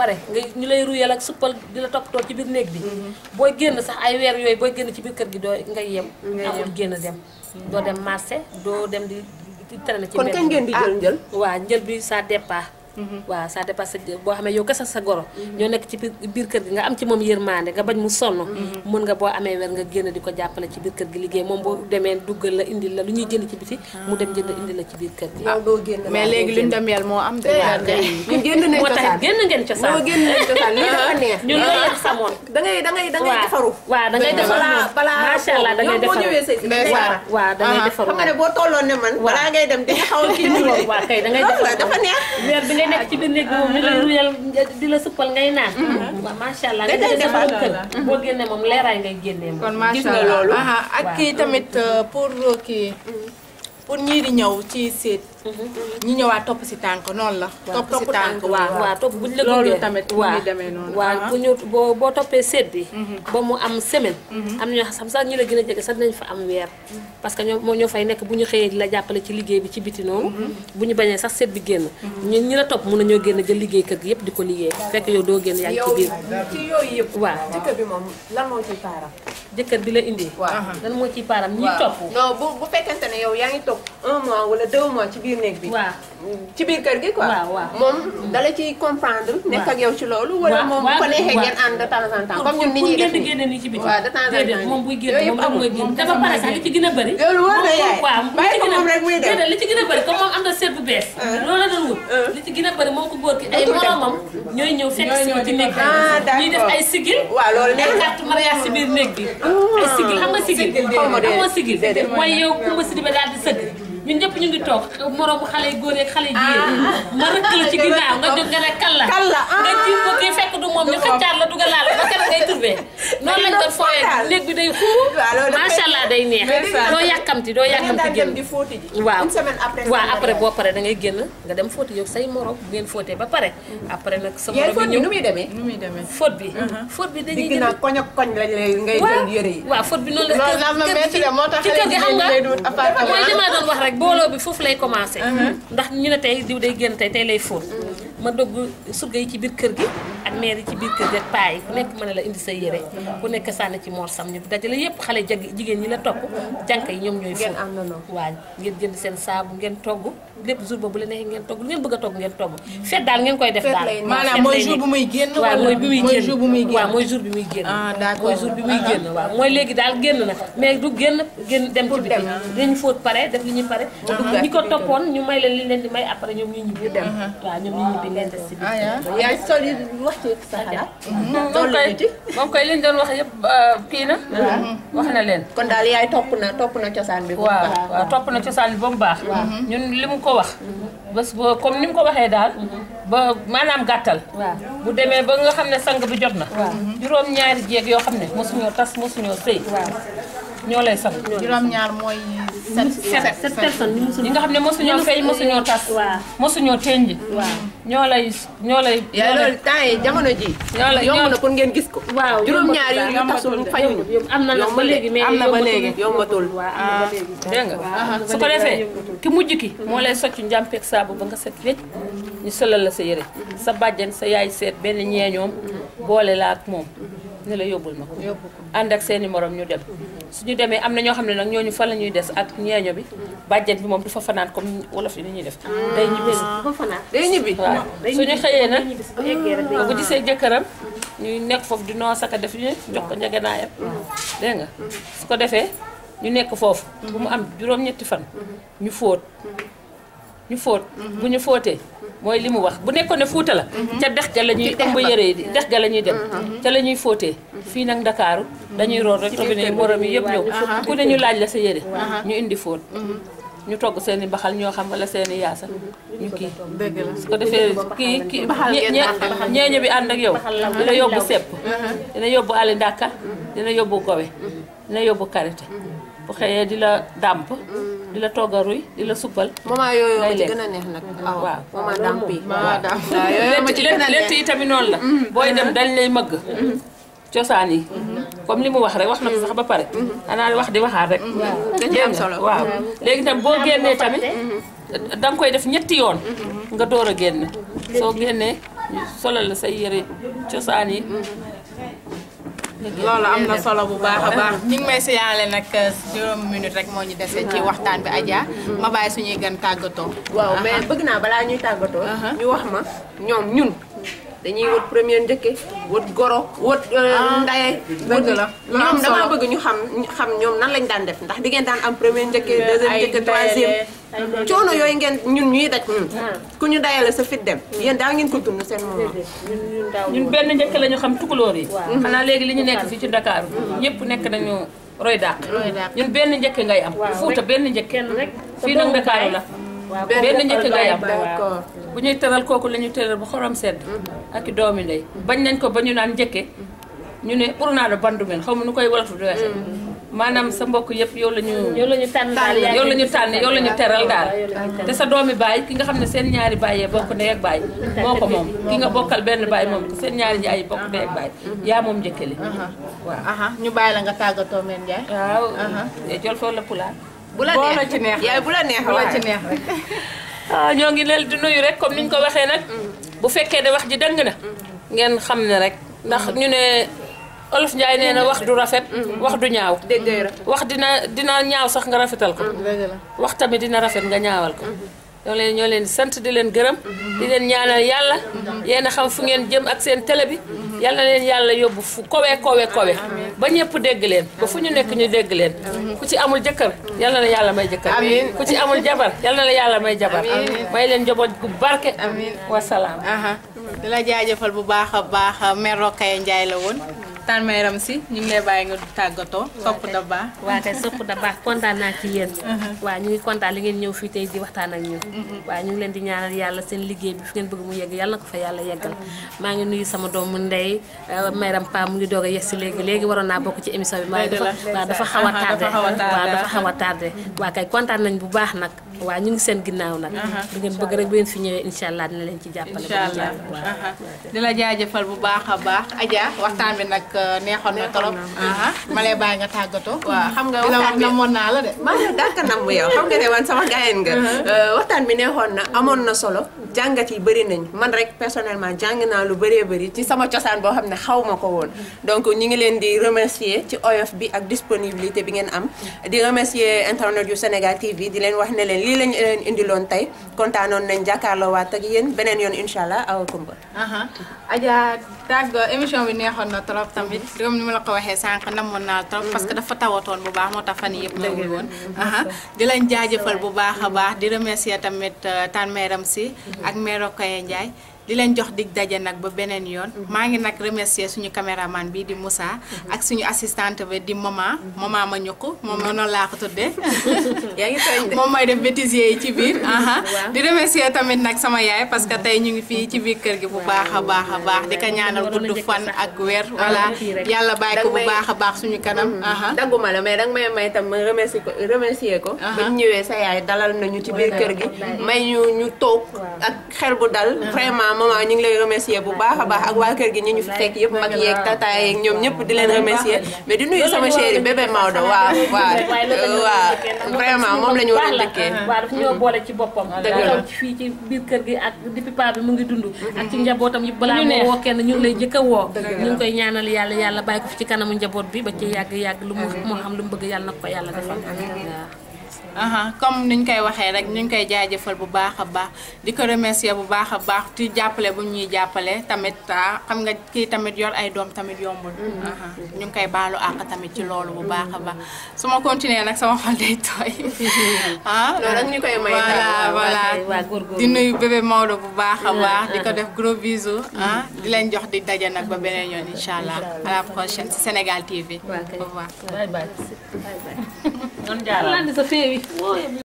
pare nga ñu lay ruyal ak suppal di la toppatoo ci biir néeg bi mm-hmm. booy génn sax ay weer yooyu booy génn ci biir kër gi doo ngay yem amul génn dem doo dem marché doo dem di traîner ci kon kañ ngeen di ah. jël njël waa njël bi sa départ Mm-hmm. waaw ça dépasse boo xamee yow kese sa goro mm-hmm. ñoo nekk ci biir kër gi nga am ci moom yërmande nga bañ mu sonn mën mm-hmm. nga boo amee weer nga génn di ko jàppale ci biir kër gi liggéey moom boo demee duggal la indil la lu ñuy jënd ci biti mu dem jënd indi la ci biir kër gi ah. mais léegi luñ dem yel moo am de génn nañ cosaan moo tax génn ngeen cosaan génn nañ cosaan lii dafa neex ñun loolu samoon defaru waaw da allah da ngay defaru waaw da ngay defaru xam nga ne boo tolloon ne man balaa a kii nii kay da ngay defaru dafa neex weer bi ngay nekk ci biir néeg moom ñu lay ruyal di la suppal ngay naan mhm. waaw macha allah da ngay defar kër boo génnee moom leeraay ngay génnee moom gis nga loolu ak kii tamit euh, pour euh, kii mhm. pour ñii di ñëw ci seet. Mhm. ñi ñëwaat topp si tànk noonu la. topp si tànk waaw waaw topp bu ñu la loolu tamit bu ñuy demee noonu. Ah. boo boo toppee seet bi. Mhm. ba mu am semaine. Mhm. am na ñoo xam sax ñu la gën a jege sax dinañ fa am weer. parce que ñoom ñoo fay nekk bu ñu xëyee di la jàppale ci liggéey bi ci biti noonu. bu ñu bañee sax seet bi génn. ñu ñi la topp mun nañoo génn jël liggéey kër gi yëpp di ko liggéey. fekk yow doo génn yaa ngi ci biir. ci yooyu yëpp. waaw jëkkër bi moom lan moo ciy paaram. jëkkër bi la indi. lan moo ciy un mois wala deux mois ci biir néeg bi. waaw ci biir kër gi quoi. waaw waaw moom mm. dala ciy comprendre. nekk ak yow ci loolu. wala moom bu ko neexee ngeen ànd de temps en temps. comme ñun ni ñuy def nii génn nii ci biir. waaw de temps en temps moom buy génn moom moom mooy génn dafa pare sax li ci gën a bëri. loolu wóor na yaay bàyyi ko moom rek muy dem li ci gën a bëri comme moom am na seet bu bees. Ah. loolu la doon wut. Ah. li ci gën a bëri moom ko góor ki ay moromam ñooy ñëw fekk si ci néeg bi ah, ñuy def ay sigil. waaw loolu nekk na carte mariage si biir néeg bi. ay sigil xam nga sigil. xaw ma sigil mooy yow kumba si di ba daal di sëgg ñun ñëpp ñu ngi toog moroom xale yu góor yeeg xale yu jigéen ma ah. rëkk la ci ginnaaw nga jóg nga ne kan la kan la ah. nga jiit ko kii fekk du moom ñu xëccaat la duga laal ba kenn ngay turbe noonu lañ doon fooyee néeg bi day xuu macha allah day neex doo yàkkamti doo yàkkamti génn di fóoti ji waaw une semaine après waaw après boo pare da ngay génn nga dem fóoti yow say morom bu ngeen fóotee ba pare après nag sa morom yi ñëw nu muy demee nu muy demee fóot bi uh-huh. fóot bi dañuy gën a koñ ak koñ lañ lay ngay jël yëre yi waaw fóot bi noonu la ci kër gi xam nga mooy li ma doon wax rek booloo bi foofu lay commencé. Mhm. ndax ñu ne tey diw day génn tey tey lay fóot. Mhm. ma dogg surga yi ci biir kër gi. ak maire yi ci biir kër jëkk paa yi ku nekk mën a la indi sa yére ku nekk sànni ci morsam ñu dajale yëpp xale jigéen ñi la topp jànk yi ñoom ñooy fóot ngeen def bu muy génn waaw mooy bi muy génn waaw mooy jour bi mooy jour bi muy génn waaw mooy léegi daal génn na mais du génn génn dem ci biti dañu fóot pare def li ñuy may leen li leen di may après ñoom ñu moom koy moom koy li doon wax yëpp euh, kii na. wax na leen. kon daal yaay topp na topp na cosaan bi. waaw topp na cosaan bi ba mu baax. ñun li mu ko wax. bës boo comme ni mu ko waxee daal. ba maanaam gàttal. bu demee ba nga xam ne sang bi jot na. juróom ñaari jéeg yoo xam ne mosuñoo tas mosuñoo sëy. ñoo lay sang. juróom ñaar mooy. sept sept personnes ñi nga xam ne mosuñoo fay mosuñoo tas. waaw mosuñoo tenji. waaw ñoo lay ñoo lay. yaa loolu temps yi jamono ji ñoo lay yomb na pour ngeen gis ko. waaw juróom-ñaar yu ñu tasul fayuñu. am na ba léegi mais am na ba léegi yombatul. waaw ah, dégg nga su ko defee ki mujj ki. moo lay socc njàmpeeg saabu ba nga set wécc. ñu solal la sa yëre. sa bàjjan sa yaay seet benn ñeeñoom boole la ak moom. ne la yóbbul ma ko ànd ak seeni morom ñu dem ñu demee am na ñoo xam ne nag ñoo ñooñu fa la ñuy des ak ñeeño bi bàjjen bi moom du fa fanaan comme wolof yi ni ñuy def ah, day ñibbi day ñibbi waaw suñu xëyee nag bu gisee jëkkëram ñuy nekk foofu du noo saka def ñu jox ko njegenaayam mm-hmm. dégg nga su ko defee ñu nekk foofu mm-hmm. bu mu am juróom-ñetti fan ñu fóot mm-hmm. ñu fóot bu ñu fóotee mooy li mu wax bu nekkoon ne Fuuta la. Mhm. ca dex ga la ñuy ëmb yëre yi dex ga la ñuy dem. Mhm. ca la ñuy fóotee. Mhm. fii nag Ndakaaru dañuy roon rek robinet yi yëpp ñëw laaj la sa yére ñu indi fóot. ñu togg seeni baxal ñoo xam wala seen i yaasa ñu kii su ko defee kii kii ñeeño bi ànd ak yow dina yóbbu sepp dina yóbbu ali ndàkka dina yóbbu gowe dina yóbbu karité bu xëyee di la dàmp di la togg a ruy di la suppal. moment yooyu a neex nag. waaw moment dampi ci gën yi tamit noonu la. Mm-hmm. booy dem dañ lay mëgg. Mm-hmm. cosaan yi. comme li mu wax rek wax na ko sax ba pare. Mm-hmm. xanaa wax di waxaat rek. am solo waaw léegi tam boo génnee tamit. da koy def ñetti yoon. nga door a génn soo génnee solal la say yëre cosaan yi. loolu am na solo bu baax a baax ñu ngi may siyaale nag euh, juróomi minute rek moo ñu dese ci waxtaan bi Adja ma bàyyi suñuy gan tàggatoo waaw mais uh-huh. bëgg naa balaa ñuy tàggatoo uh-huh. ñu wax ma ñoom ñun dañuy wët première njëkke wët goro wët euh, ah. ndaye wët la ñoom damaa bëgg ñu xam xam ñoom nan lañ daan def ndax di ngeen daan am première njëkke deuxième njëkke troisième coono yooyu ngeen ñun ñuy daj hmm. ah. ku ñu dayale sa fit dem hmm. yéen daa ngeen ko dund seen moment ñun benn njëkke la ñu xam tukulóor yi xanaa léegi li ñu nekk fii ci Dakar hmm. ñëpp nekk nañu roy dàq ñun benn njëkke ngay am Fuuta benn njëkke fii nag Dakar la benn njëkk nga yam bu ñuy teral kooku la teral tëral bu xorom sedd mm-hmm. ak i doomi ndey mm-hmm. bañ nañ ko ba ñu naan njëkke mm-hmm. ñu ne pour naa da bandu men xaw ma nu koy wolof di maanaam sa mbokk yëpp yow la ñu yow la ñu tànn yow la ñu tànn yow la ñu teral daal sa doomi baay ki nga xam ne seen ñaari baay yee bokk ndey ak baay moo ko moom ki nga bokkal benn baay moom seen ñaari yaay yi bokk ndey ak baay yaa moom njëkkale uh-huh. waaw ñu bàyyi la nga tàggatoo meen Ndiaye eh, jol foofu la pulaar bu la neex ci neex yaay bu la neex la ci neex rek. ah ñoo ngi leen di nuyu rek comme ni ñu ko waxee nag. Mm. bu fekkee de wax ji dëng na. Mm. ngeen xam ne rek ndax mm. ñu ne. Olof Njaay nee na wax du rafet. wax du ñaaw. wax dina dina ñaaw sax nga rafetal ko. wax tamit dina rafet nga ñaawal ko. Mm-hmm. ñoo leen ñoo leen sant di leen gërëm di leen ñaanal yàlla yenn a xam fu ngeen jëm ak seen tele bi yàlla na leen yàlla yóbbu fu kowe kowe kowe ba ñëpp dégg leen ba fu ñu nekk ñu dégg leen ku ci amul jëkkër yal na la yàlla may jëkkër ku ci amul jabar yal na la yàlla may jabar may leen njaboot gu barke wasalaam di la jaajëfal bu baax a baax Mère Rokhaya Ndiaye la woon tan may ram si ñu ngi lay bàyyi nga tàggatoo sopp da baax waa tey sopp da baax kontaan naa ci yéen uh-huh. waa ñu ngi kontaan li ngeen di waxtaan ak ñun waa ñu ngi leen di ñaanal yàlla seen liggéey bi fi ngeen bëgg mu yegg yàlla na ko fa yàlla yeggal mm-hmm. maa ngi nuyu sama doomu ndey uh, mayram paa mu ngi doog a yes si léegi léegi waroon naa bokk ci émission bi waaye dafa waa dafa xaw a tardé waa dafa xaw tardé waa kay kontaan nañ bu baax nag waa ñu ngi seen ginnaaw nag du ngeen bëgg rek bu ngeen fi allah dina leen ci jàppale ba aja jàpp di bu baax waxtaan bi ak neexoon kan ya? kan kan? eh, na trop ma lay bàyyi nga tàggatoo waaw xam nga waxtaan bi namoon naa la de maa la dàkka nam yow xam nga ne man sama gaayeen nga bi na amoon na solo jàngat yi nañ man rek personnellement jàng naa lu ci sama cosaan boo xam ne xaw donc ñi ngi di remercier ci oyof bi ak disponibilité bi ngeen am di remercier internet yu Sénégal TV di leen wax ne leen lii lañ leen indiloon tey kontaanoon nañ jàkkaarloo waat ak yéen beneen yoon incha allah awa kumba Adja bi na trop tamit comme ni ma la ko waxee sànq namoon naa trop parce que dafa tawatoon bu baax moo tax fan yëpp ñëwul woon di lañ jaajëfal bu baax a baax di remercier tamit euh, tan meeram si ak meero Koye Ndiaye di len jox dig daje nak ba benen yoon mhm. ma ngi nak remercier suñu cameraman bi di Moussa mhm. ak suñu assistante bi di mama mhm. mama ma ñukku moom noonu la ko tuddee ya ngi tay mom mooy def bêtisier yi ci biir aha di remercier tamit nak sama yaay parce que tay ñu ngi fi ci biir kër gi bu baaxa baaxa baax di ka ñaanal gudd fan ak wër wala yalla bay ko bu baaxa baax suñu kanam aha daguma la mais dang may may tam remercier ko remercier ko ba ñëwé sa yaay dalal nañu ci biir kër gi may ñu ñu tok ak xel bu dal vraiment maman ñu ngi lay remercier bu baax baax ak waa kër gi ñu ñu fi fekk yëpp mag yeeg tata yeeg ñoom ñëpp di leen remercier mais di nuyu sama chéri bébé Maodo waaw waaw waaw vraiment moom la ñu war a dëkkee waaw daf ñoo boole ci boppam dëgg la fii ci biir kër gi ak depuis paa bi mu ngi dund mm-hmm. ak ci njabootam yëpp balaa moo woo kenn ñu ngi lay njëkk a woo ñu ngi koy ñaanal yàlla yàlla bàyyi ko fi ci kanamu njaboot bi ba ci yàgg yàgg lu mm-hmm. mu xam lu mu bëgg yàlla na ko yàlla defal comme ni ñu koy waxee rek ñu ngi koy jaajëfal bu baax a baax di ko remercier bu baax a baax di jàppale bu ñuy jàppale tamit ah, xam nga kii tamit yor ay doom tamit yombul. Mm-hmm. ñu ngi koy baalu àq tamit ci loolu bu baax a baax su ma continuer nag sama xol day tooy. ah loolu ak ñu koy may voilà di nuyu bébé Maodo bu baax a baax. di ko def gros bisous. Mm-hmm. Ah, di leen jox di daje nag ba beneen yoon incha allah à la prochaine ci Sénégal TV. au revoir. baby.